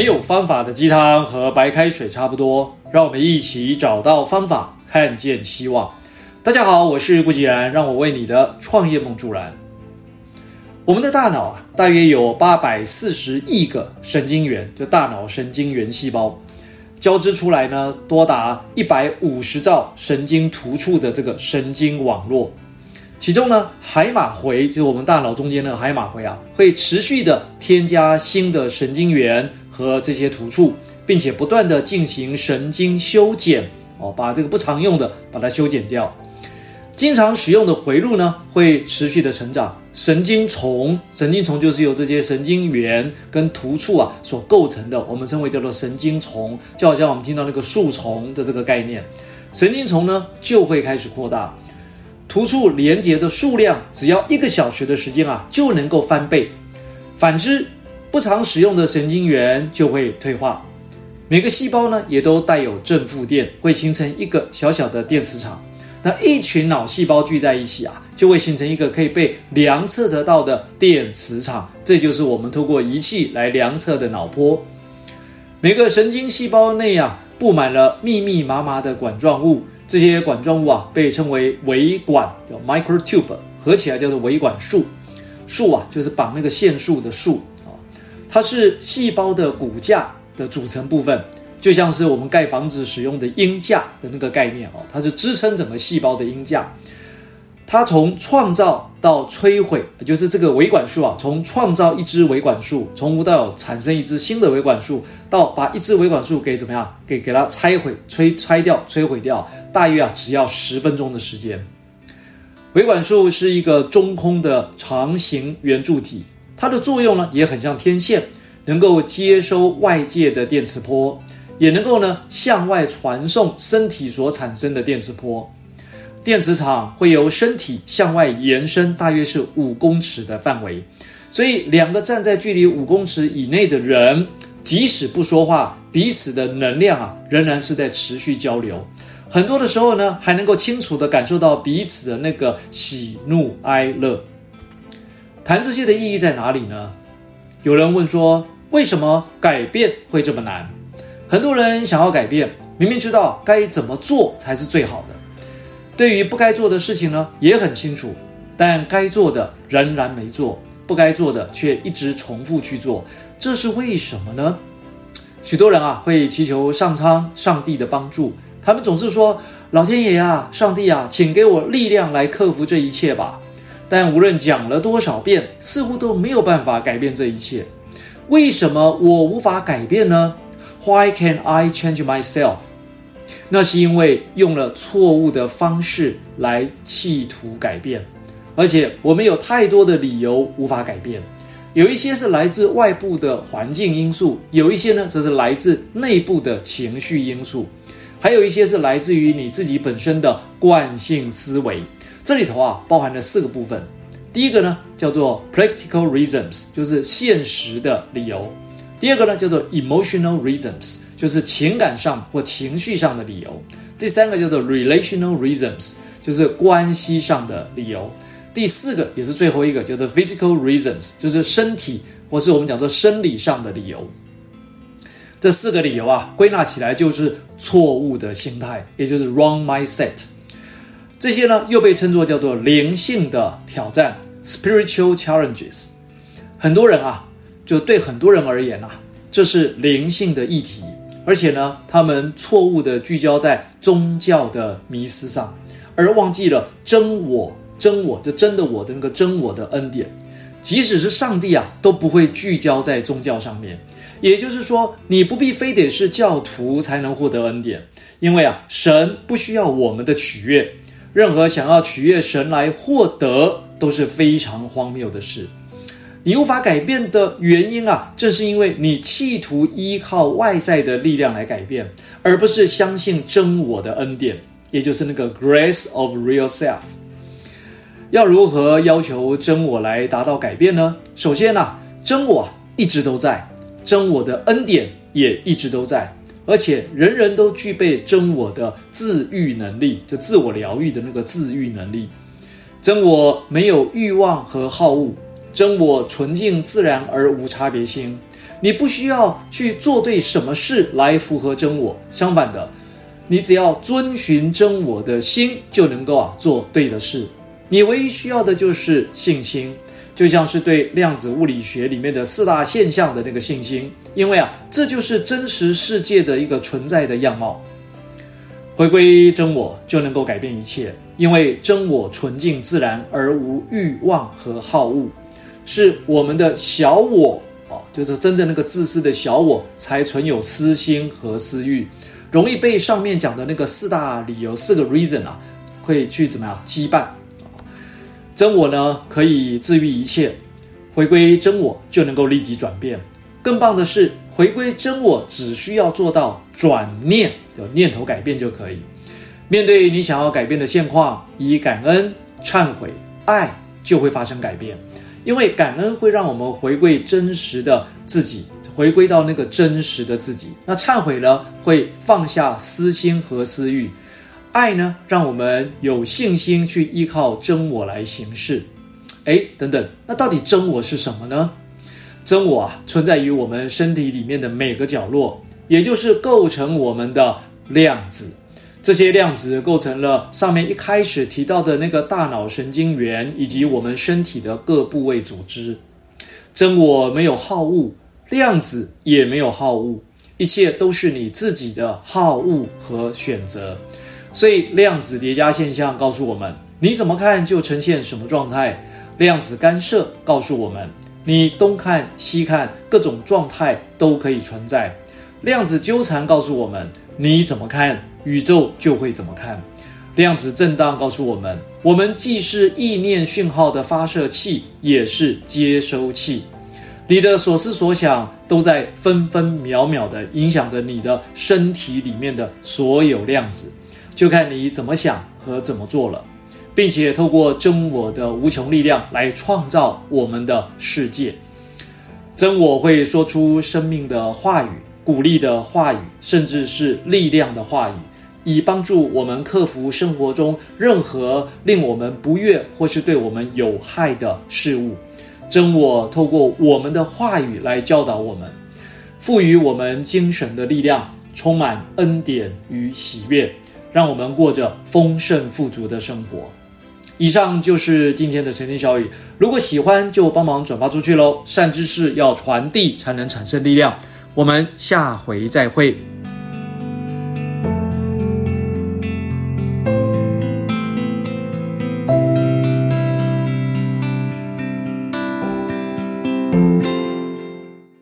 沒有方法的雞湯和白開水差不多，讓我們一起找到方法，看見希望。大家好，我是顧繼然，讓我為你的創業夢助燃。我們的大腦啊，大約有八百四十億個神經元，就大腦神經元細胞交織出來呢，多達一百五十兆神經突觸的這個神經網絡，其中呢，海馬回就是我們大腦中間的海馬回啊，會持續的添加新的神經元。和這些突觸，並且不斷地進行神經修剪哦，把這個不常用的把它修剪掉，經常使用的迴路呢會持續的成長，神經叢神經叢就是由這些神經元跟突觸啊所構成的，我們稱為叫做神經叢，就好像我們聽到那個樹叢的這個概念，神經叢呢就會開始擴大，突觸連接的數量只要一個小時的時間啊就能夠翻倍，反之。不常使用的神經元就會退化，每個細胞呢也都帶有正負電，會形成一個小小的電磁場。那一群腦細胞聚在一起啊，就會形成一個可以被量測得到的電磁場，這就是我們通過儀器來量測的腦波。每個神經細胞內啊布滿了密密麻麻的管狀物，這些管狀物啊被稱為微管，叫 microtube，合起來叫做微管束。束啊就是綁那個線束的束。它是細胞的骨架的組成部分，就像是我們蓋房子使用的鷹架的那個概念哦，它是支撐整個細胞的鷹架。它從創造到摧毀，就是這個微管束啊，從創造一支微管束，從無到有產生一支新的微管束，到把一支微管束給怎麼樣，給給它拆毀、摧拆掉、摧毀掉，大約啊只要十分鐘的時間。微管束是一個中空的長形圓柱體。它的作用呢，也很像天線，能夠接收外界的電磁波，也能夠呢向外傳送身體所產生的電磁波。電磁場會由身體向外延伸，大約是五公尺的範圍。所以，兩個站在距離五公尺以內的人，即使不說話，彼此的能量啊，仍然是在持續交流。很多的時候呢，還能夠清楚地感受到彼此的那個喜怒哀樂。談這些的意義在哪裡呢？有人問說：“為什麼改變會這麼難？”很多人想要改變，明明知道該怎麼做才是最好的，對於不該做的事情呢，也很清楚，但該做的仍然沒做，不該做的卻一直重複去做，這是為什麼呢？許多人啊，會祈求上蒼、上帝的幫助，他們總是說：“老天爺啊，上帝啊，請給我力量來克服這一切吧。”但無論講了多少遍，似乎都沒有辦法改變這一切。為什麼我無法改變呢？Why can't I change myself？那是因為用了錯誤的方式來企圖改變，而且我們有太多的理由無法改變。有一些是來自外部的環境因素，有一些呢則是來自內部的情緒因素，還有一些是來自於你自己本身的慣性思維。這裡頭啊，包含了四個部分。第一個呢，叫做 practical reasons，就是現實的理由；第二個呢，叫做 emotional reasons，就是情感上或情緒上的理由；第三個叫做 relational reasons，就是關係上的理由；第四個也是最後一個，叫做 physical reasons，就是身體或是我們講做生理上的理由。這四個理由啊，歸納起來就是錯誤的心態，也就是 wrong mindset。這些呢又被稱作叫做靈性的挑戰 （spiritual challenges）。很多人啊，就對很多人而言吶、啊，這是靈性的議題，而且呢，他們錯誤地聚焦在宗教的迷思上，而忘記了真我、真我就真的我的那個真我的恩典。即使是上帝啊，都不會聚焦在宗教上面。也就是說，你不必非得是教徒才能獲得恩典，因為啊，神不需要我們的取悅。任何想要取悅神來獲得都是非常荒謬的事。你無法改變的原因啊，正是因為你企圖依靠外在的力量來改變，而不是相信真我的恩典，也就是那個 grace of real self。要如何要求真我來達到改變呢？首先呢啊，真我一直都在，真我的恩典也一直都在。而且人人都具備真我的自癒能力，就自我療癒的那個自癒能力。真我沒有慾望和好惡，真我純淨自然而無差別心。你不需要去做對什麼事來符合真我，相反的，你只要遵循真我的心，就能夠啊做對的事。你唯一需要的就是信心。就像是對量子物理學裡面的四大現象的那個信心，因為啊，這就是真實世界的一個存在的樣貌。回歸真我，就能夠改變一切。因為真我純淨自然，而無慾望和好惡，是我們的小我哦，就是真正那個自私的小我才存有私心和私欲，容易被上面講的那個四大理由，四個 reason 啊，會去怎麼樣羈絆？真我呢，可以治癒一切。回歸真我就能夠立即轉變。更棒的是，回歸真我只需要做到轉念，有念頭改變就可以。面對你想要改變的現況，以感恩、懺悔、愛就會發生改變。因為感恩會讓我們回歸真實的自己，回歸到那個真實的自己。那懺悔呢，會放下私心和私欲。愛呢，讓我們有信心去依靠真我來行事。誒，等等，那到底真我是什麼呢？真我啊，存在於我們身體裡面的每個角落，也就是構成我們的量子。這些量子構成了上面一開始提到的那個大腦神經元以及我們身體的各部位組織。真我沒有好惡，量子也沒有好惡，一切都是你自己的好惡和選擇。所以，量子疊加現象告訴我們，你怎麼看就呈現什麼狀態；量子干涉告訴我們，你東看西看，各種狀態都可以存在；量子糾纏告訴我們，你怎麼看宇宙就會怎麼看；量子震盪告訴我們，我們既是意念訊號的發射器，也是接收器。你的所思所想都在分分秒秒地影響着你的身體裡面的所有量子。就看你怎麼想和怎麼做了，並且透過真我的無窮力量來創造我們的世界。真我會說出生命的話語、鼓勵的話語，甚至是力量的話語，以幫助我們克服生活中任何令我們不悅或是對我們有害的事物。真我透過我們的話語來教導我們，賦予我們精神的力量，充滿恩典與喜悅。讓我們過着豐盛富足的生活。以上就是今天的晨間小語，如果喜歡就幫忙轉發出去嘍。善知識要傳遞，才能產生力量。我們下回再會。